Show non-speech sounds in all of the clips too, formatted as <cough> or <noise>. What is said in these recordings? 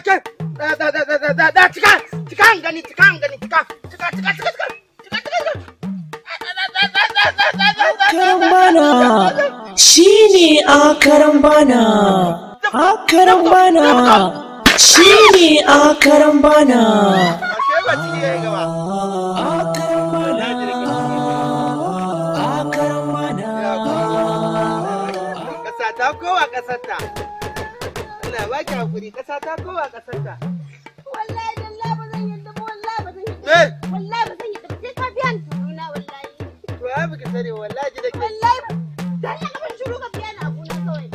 ga can da cika cika an gani cika an gani cika cika cika cika cika Akarambana shine akarambana akarambana shine akarambana bana. ƙasarta ba ki hakuri ƙasa ta kowa ƙasar ba zan wallahi ba zan eh! Wallahi ba zan sai ka biya ni wallahi. To ya sani wallahi ji Wallahi shuru ka biya ni kawai.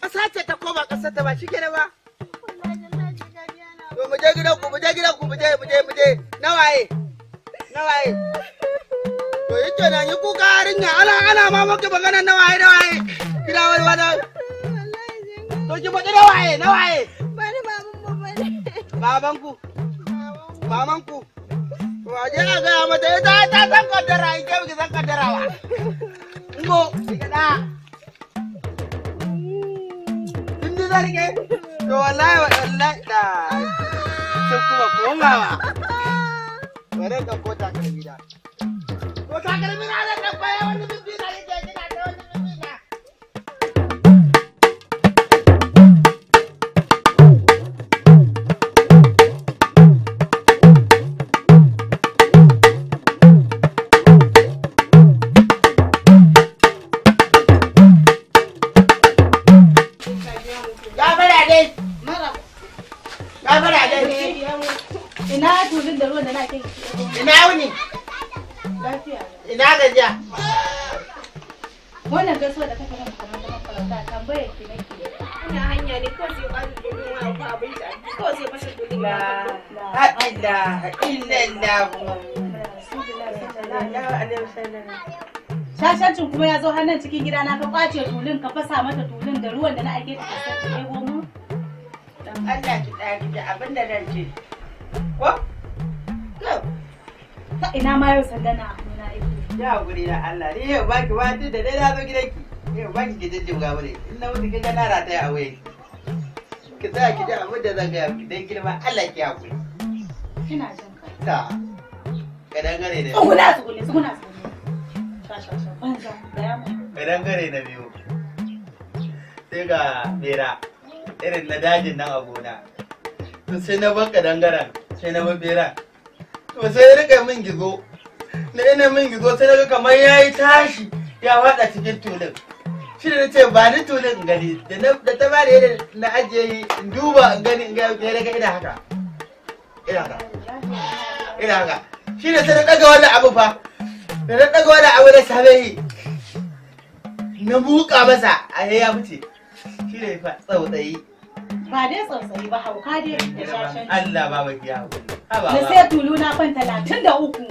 To ce ta ta ba shi kenan ba. To mu je gidan ku mu je gidan ku mu je mu je mu je To yi kenan yi kuka yarinya ana ana ma maka magana wani wani. ki faɗi na waye na waye bari baban baban ku waje a gaya mata ita ta san kaddara ita ki san kaddara wa. ngo da zarge to wallahi wallahi da kuma bare ka ko Ina wuni? Lafiya. Ina gajiya? Wannan gaso da kake nan kamar zaman farauta tambayar ki nake. Ina hanya ne kawai sai ƙwarin domin wa ko abinci a ciki kawai sai fashe kudin ya haɗinda illallah. Shashancin kuma ya zo hannun cikin gidana ka kwace tulun ka fasa mata tulun da ruwan da na ake ta kasance ne gomu. Allah ki ɗaya abin da nan ce. Ko? Ta ina ma yau sandana Ya guri na Allah ne yau baki da dai na zo gidanki. Yau baki na rata ya Ki tsaya ki ji da zan gaya miki dan girma Allah ki Kina jin ka. Ta. Ka dangare da. Tsuguna oh, tsugune tsuguna tsugune. Sha sha sha banza mu. Ka biyu. Sai ga bera irin na dajin nan a gona. Sai na banka dangaren sai na ban to sai ya rika min gizo na ina min gizo sai daga kamar ya yi tashi ya faɗa cikin tulun shi da ce ba ni tulun gani da ta ba da yadda na ajiye yi in duba in gani in daga ina haka ina haka ina haka shi da sai na ɗaga abu fa da na abu da yi na buka masa a ya fice shi ne fa tsautsayi ba dai tsautsayi ba hauka dai da shashen Allah ba ba hauka na sai tuluna fan talatin da uku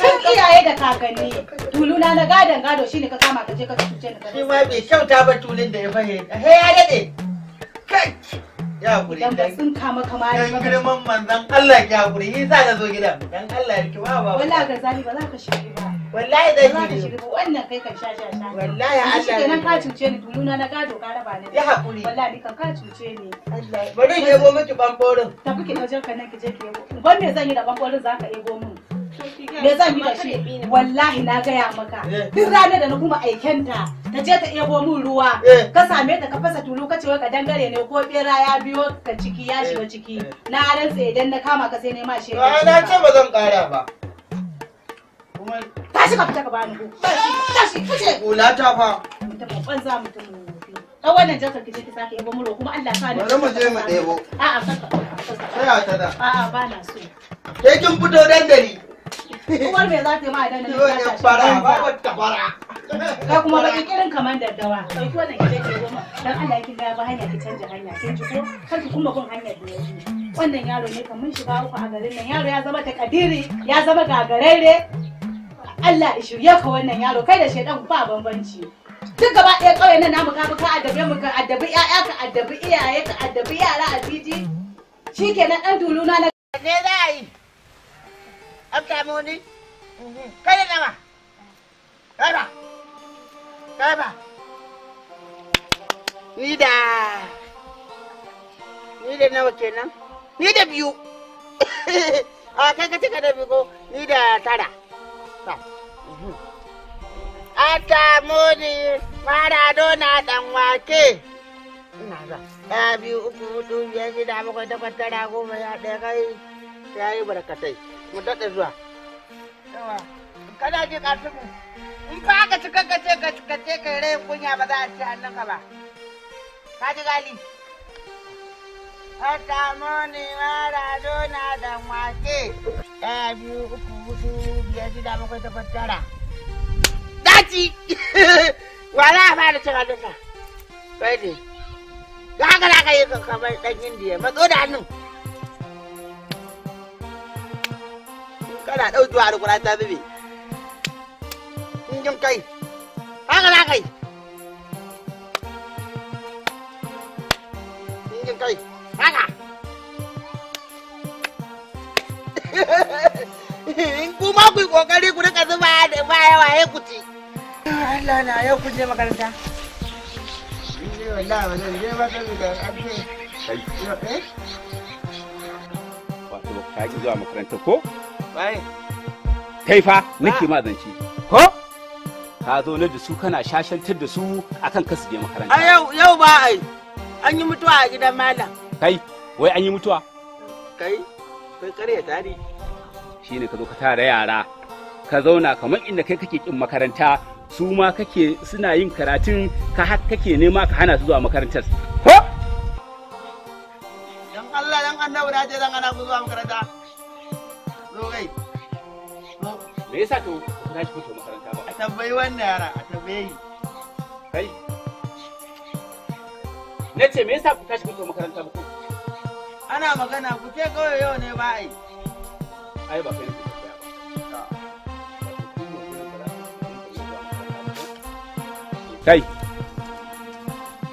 tun iyaye da kakanni tuluna na gadon gado shi ne ka kama ka je ka cuce ni ka shi ma bai kyauta ba tulun da ya fahimta he ya daɗe kai ya hakuri dan sun kama kama dan girman manzon Allah ya hakuri yi sa ka zo gidan dan Allah ki ba ba wallahi ga zani ba za ka ba wallahi dan za ka shige wannan kai kan sha sha sha wallahi Allah shi kenan ka cuce ni tununa na gado ka raba ni ya hakuri wallahi kan ka cuce ni bari yebo miki bamborin tafi ki daujar ka nan ki je ki yebo ban me zan yi da bamborin za ka yebo mu me zan yi da shi wallahi na gaya maka eh. duk ranar da na kuma aikenta ta je ta ebo min ruwa eh. ka same ta ka fasa tulu ka ce wai ka dangare ne ko bera ya biyo ka ciki ya shiga eh. ciki na rantsa idan na kama ka sai ne ma shi na ce ba zan kara ba tashi ka fita ka bani ko ka fice kula ta fa mutum ban za mutum ta wannan jakar ki je ki sake ebo muro kuma Allah ka ni bari mu je mu debo a'a saka sai a tada a'a ba na so sai kin fito dandali Uwar me za ta yi ma idan na ta shi. Fara ba wata fara. Ka kuma baki kirin kamar daddawa. Ɗauki wannan gidan ke goma. Dan Allah kin ga ba hanya ki canja hanya. Kin ji ko? Kar ki kuma bin hanya da ya Wannan yaro ne kamar shiga uku a garin nan. Yaro ya zama takadiri, ya zama gagarere. Allah ya shirye ka wannan yaro kai da shedan ba bambanci. duk gaba ɗaya ƙauyen nan namu kamu ka addabe mu ka addabi ƴaƴa ka addabi iyaye ka addabi yara a titi shikenan ɗan tuluna na ne za a yi an samu wani kai da ba kai ba kai ba ni da ni da nawa kenan ni da biyu <coughs> a kai ka cika da biyu ko ni da tara A samu ni maradona dan wake ina ga ɗaya biyu uku hudu biyar shida bakwai takwas tara goma ya ɗaya kai ya yi barkatai mu daɗe zuwa. Yawa, kana ji ƙasimu, in ba ka ci kanka ce ka ka ce ka rayin kunya ba za a ce annan ka ba. Ka ji gali. Hata moni maradona da wake. Ɗaya biyu uku hudu biyar shida bakwai takwas tara. Daci! <laughs> Wala ba da cin hannunka. Kai ne. Ga haka za ka yi kankan kamar ɗan yin indiya, matso da hannun. kana ɗau zuwa rukuna ta zube Injin kai haka na kai Injin kai haka in kuma ku yi kokari ku rika zuba da ba yawa ya ku ci Allah na yau ku je makaranta eh? wato ka ki zuwa makaranta ko Kaifa, fa nake ma zance ko ka zo na da su kana shashantar da su akan kasu je makaranta a yau yau ba ai an yi mutuwa a gidan malam kai wai an yi mutuwa kai kai kare tari shine ka zo ka tara yara ka zauna kamar inda kai kake kin makaranta su ma kake suna yin karatun ka har kake nema ka hana su zuwa makarantar ko dan Allah dan annabi na je dan ana zuwa makaranta zo me yasa to na shi fito makaranta ba a tambayi wannan yara a tambaye kai na ce me yasa ku tashi fito makaranta ba ana magana ku ce kawai yau ne ba ai ai ba kai kai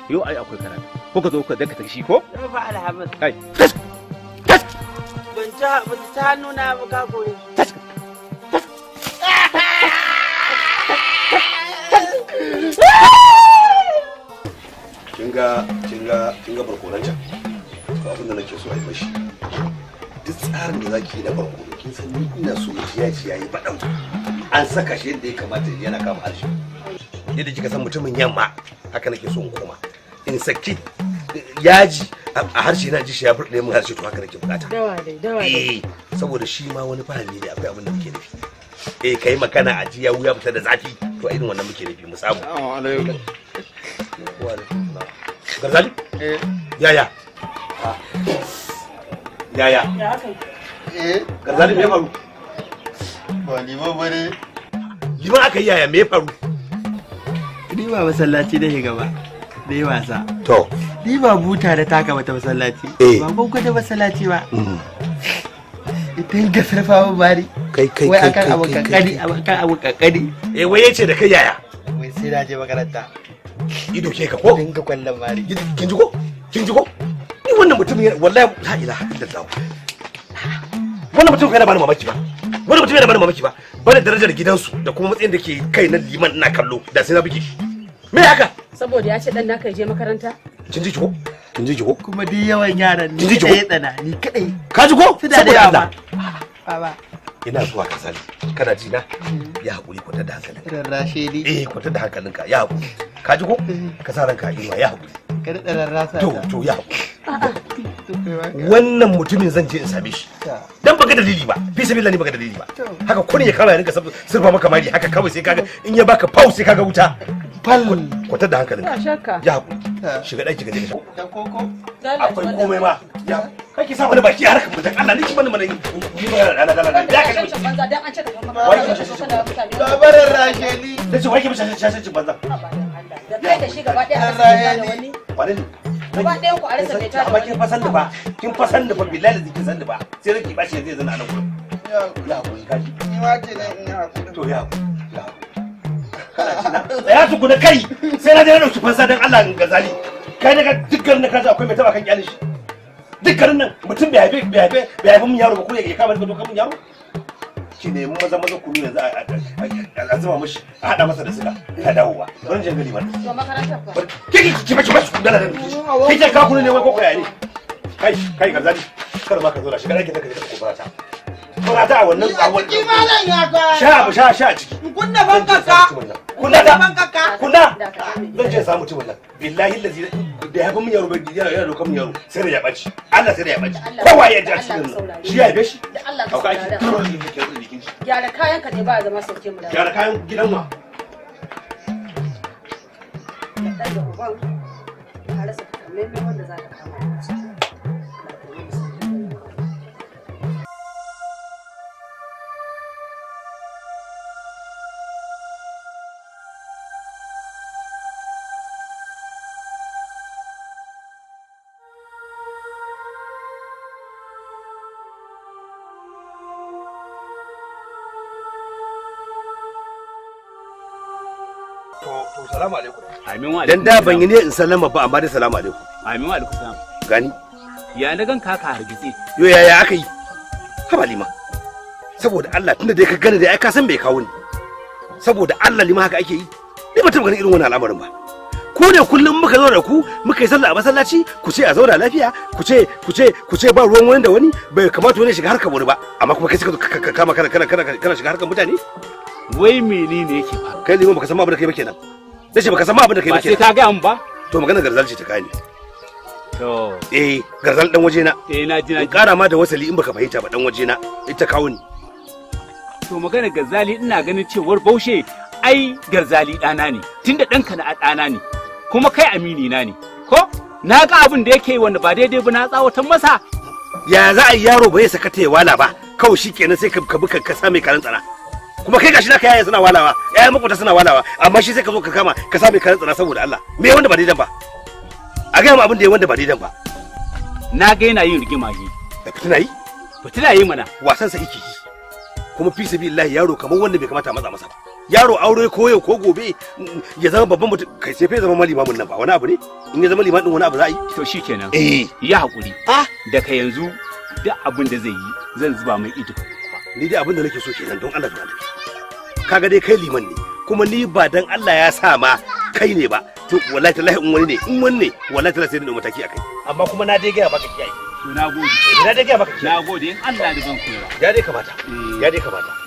yau ai akwai karatu kuka zo kuka daka tashi ko yau fa alhamdulillah kai ta hannu na ba ka koyi kinga kinga kinga barkonan can to abin da nake so a yi mashi duk tsarin da zaki yi na barkono kin san ni ina so ciya ciya yi badan an saka shi yadda ya kamata yana kama harshe yadda kika san mutumin yamma haka nake so in koma in saki yaji a harshe na ji shi ya furɗe min harshe to haka nake bukata dawa dai dawa eh saboda shi ma wani fahimi ne akwai abin da muke nufi eh kai makana a ji ya wuya fita da zafi to irin wannan muke nufi mu samu garzali yaya yaya garzali me faru ba liman bane liman aka yi yaya me faru ni ba masallaci da gaba da yi wasa to Ni ba buta da taka mata masallaci. Eh. Ba ban kwata masallaci ba. Mm. Ita yi gasarfa ba bari. Kai kai kai kai kai kai kai akan abu kankani. Eh wai yace da kai yaya. Wai sai na je makaranta. Ido ke ka ko? Dinga kwallon bari. Kin ji ko? Kin ji ko? Ni wannan mutum wallahi la ilaha illallah. Wannan mutum kai na bani mamaki ba. Wannan mutum yana bani mamaki ba. Bani darajar gidansu da kuma matsayin da ke kai na liman ina kallo da sai na buge Me haka? Saboda ya ce dan naka je makaranta. kin ji ki ko kin ji ki ko kuma duk yawan yaran ni kadai tsana ni kadai ka ji ko saboda Allah baba ina zuwa ka sani kana ji na mm. ya hakuri kwata da hankalinka rarrashe ni eh ta da hankalinka ya hakuri ka ji ko mm. ka sa ranka inuwa ya hakuri ka da rada rarrasa to to ya hakuri <laughs> wannan mutumin zan je in same shi dan baka dalili ba fi sabilla ne baka dalili ba haka kun ya kama ya rinka surfa maka mari haka kawai sai kaga in ya baka pau sai kaga wuta fal ta da hankalinka ya hakuri shiga ɗaki gaje da koko akwai komai ma ya kake sa wani baki har kuma dan Allah ne ki mana mana yi da da da da da shi banza dan an ce ka mama wai ka shi da mutane rasheli da ce wai ki mishi shi shi banza da kai da shi gaba ɗaya a rasheli wani wani gaba ɗayan ku a rasa mai tada wani kin fasan da ba kin fasan da ba billahi da kin san ba sai rake bashi yanzu yanzu na nan gurin ya kashi ni in to ya ya tukuna kai sai na je na dauki fansa don Allah in gazali kai daga duk garin da akwai mai taba kan kyalin shi nan mutum bai haife bai haife bai haife mun yaro ba kuma ya kama daga mun yaro ki maza maza kunu yanzu a zuba mishi a hada masa da siga ya dawo bari jin gani b'a to makarantar ki ki ki bashi bashi kudala da ki ki ka ne wai ko koya ne kai kai garzali kar ma ka zo da shi kada ki take da kubarata a wannan a wannan sha sha sha ciki kunna banka ka kula da kula zan je samu mutumin nan billahi lazi da ya fi yaro bai yana yana dokan yaro sai da ya baci Allah sai da ya baci kowa ya ji a cikin nan shi ya yabe da Allah ka saurara gyara kayan ka ne ba zama sauke mu da gyara kayan gidan ma da uban to salamu alaikum amin wa dan da ban yi ne in sallama ba amma da salamu alaikum amin wa alaikum salam gani ya na gan kaka hargitse yo ya ya aka yi haba lima saboda Allah tunda dai ka gane da ai ka san bai kawo ni saboda Allah lima haka ake yi ni ba taɓa ganin irin wannan al'amarin ba ku ne kullum muka zo da ku muka yi sallah a masallaci ku ce a zauna lafiya ku ce ku ce ku ce ba ruwan wani da wani bai kamata wani shiga harkar wani ba amma kuma kai suka kama kana kana kana shiga harkar mutane wai menene yake ba kai liman baka san ma abin da kai ba kenan nace baka san ma abin da kai ba kenan ba sai ka ga an ba to magana garzal ce ta kani to eh garzal dan waje na eh na ji na kara ma da wasali in baka fahimta ba dan waje na ita kawo ni to magana garzali ina ganin cewar baushe ai garzali dana ne tunda danka na dana ne kuma kai amini na ne ko na ga abin da yake wanda ba daidai ba na tsawatan masa ya za a yaro ba ya saka ya wala ba kawai shikenan sai ka bi ka sa mai karan tsana kuma kai gashi naka yaya suna walawa yaya makwata suna walawa amma shi sai ka zo ka kama ka sami ka tsana saboda Allah me wanda ba daidan ba a ga mu abin da wanda ba daidan ba na ga yana yin rigima ji da fitina yi fitina yi mana wasan sa yake kuma fi Allah yaro kamar wanda bai kamata matsa masa ba yaro aure ko yau ko gobe ya zama babban mutum kai sai fa zama malimamin nan ba wani abu ne in ya zama liman din wani abu za a yi to shikenan eh ya hakuri ah daga yanzu duk abin da zai yi zan zuba mai ido ni dai abin da nake so kenan don Allah da kaga dai kai liman ne kuma ni ba dan Allah ya sa ma kai ne ba to wallahi tallahi in wani ne in wani ne wallahi tallahi sai da mataki akai amma kuma na dai ga baka kiyaye to na gode eh, na dai ga baka kiyaye na gode in Allah da ban koyar ya dai kamata eh. ya dai kamata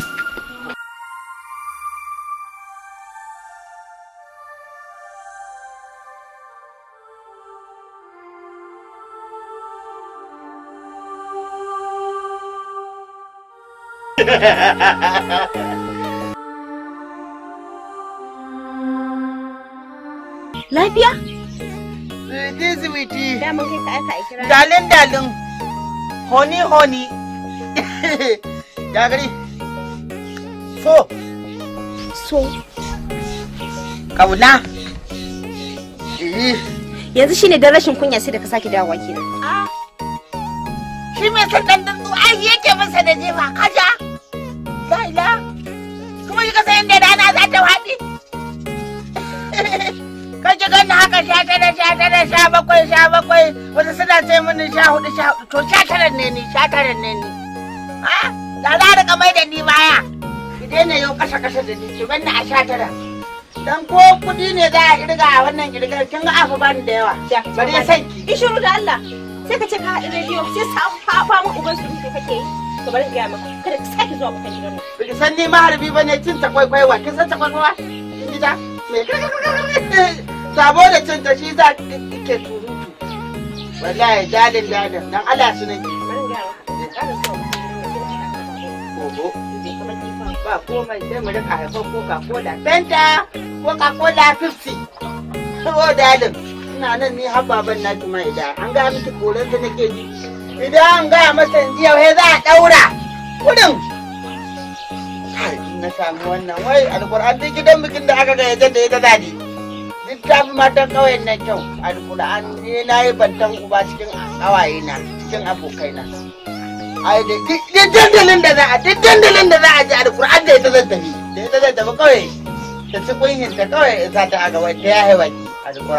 Lafiya? Zai zimiti. Damar kai ka aka kira. Dalin dalin. Honi honi. Dagari. So. So. Kauna. Eh. Yanzu shine don rashin kunya sai da ka sake dawowa kenan. Ah. Shi me san dan dan ai yake masa da jefa kaja. ka sha tara sha tara sha bakwai sha bakwai wasu suna sai mini sha hudu sha hudu to sha tara ne ni sha tara ne ni ha da za ka mai da ni baya ki daina yau kasa kasa da ni ki banna a sha tara dan ko kudi ne za a kirga a wannan kirgar kin ga afa bani da yawa bari san ki ishuru da Allah sai ka ce ka haɗu rediyo sai sa fafa mu uban su duka kake ka bari ga maka kada ka sake zuwa maka gidan ki san ni maharbi bane cin ta kwaikwaiwa kin san ta kwaikwaiwa kin gida me sabo da cin ta shi za ke surutu wallahi dalin dalin dan Allah su nan ba komai sai mu rika haifar coca cola fenta coca cola 50 ko dalin ina nan ni har baban na tuma ida an ga miki koran ta nake ji idan an ga masa yanzu yau sai za a daura kudin na samu wannan wai alkur'an duk gidan bikin da aka gayyata da ita zani duk ta fi matan kawai na kyau alƙur'an ne na yi bantan uba cikin hawaye na cikin abokai na ai da duk dandalin da za a duk dandalin da za a ji alƙur'an da ita zan tafi da ita zan tafi ƙauye ta ci kunyin ta ƙauye ta ta a gaba ta yahe baki alƙur'an